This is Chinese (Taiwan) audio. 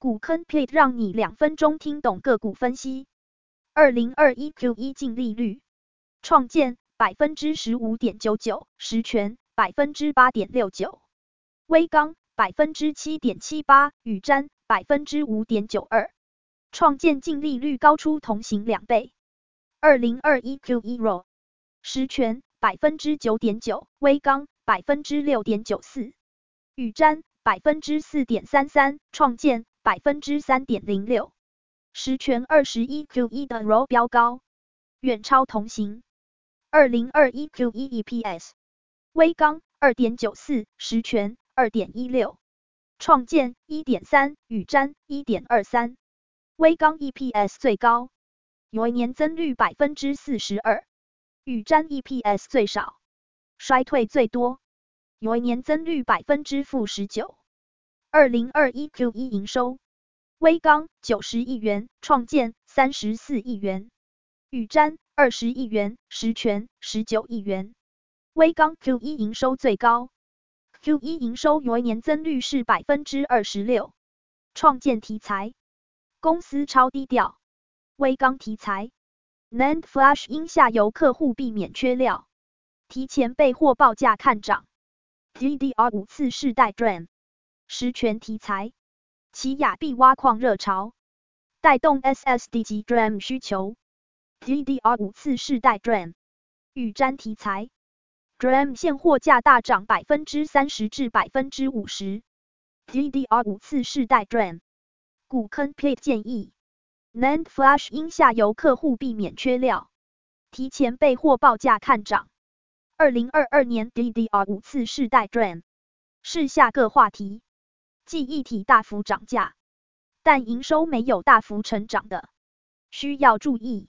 股坑 plate 讓你兩分鐘聽懂個股分析。二零二一 Q 一、e、淨利率，創見百分之十五點九九，十銓百分之八點六九，威剛百分之七點七八，宇瞻百分之五點九二，創見淨利率高出同行兩倍。二零二一 Q 一 ro，十銓百分之九點九，威剛百分之六點九四，宇瞻百分之四點三三，創見。百分之三點零六，十銓二十一 Q 一的 ROE 飆高，遠超同行。二零二一 Q 一 EPS，威剛二點九四，十銓二點一六，創見一點三，宇瞻一點二三，威剛 EPS 最高，年增率百分之四十二；宇瞻 EPS 最少，衰退最多，年增率百分之負十九。二零二一 Q 一營收，威剛九十億元，創見三十四億元，宇瞻二十億元，十銓十九億元。威剛 Q 一營收最高，Q 一營收為年增率是百分之二十六。創見題材，公司超低調。威剛題材，NAND Flash 因下游客戶避免缺料，提前備貨報價看漲。DDR5 次世代 DRAM。十銓題材，奇亞幣挖礦熱潮帶動 SSD 及 DRAM 需求，DDR 五次世代 DRAM 預沾題材，DRAM 現貨價大漲百分之三十至百分之五十，DDR 五次世代 DRAM 股坑 plate 建議，NAND Flash 因下游客戶避免缺料，提前備貨報價看漲，二零二二年 DDR 五次世代 DRAM 是下個話題。記憶體大幅漲價，但營收沒有大幅成長的，需要注意。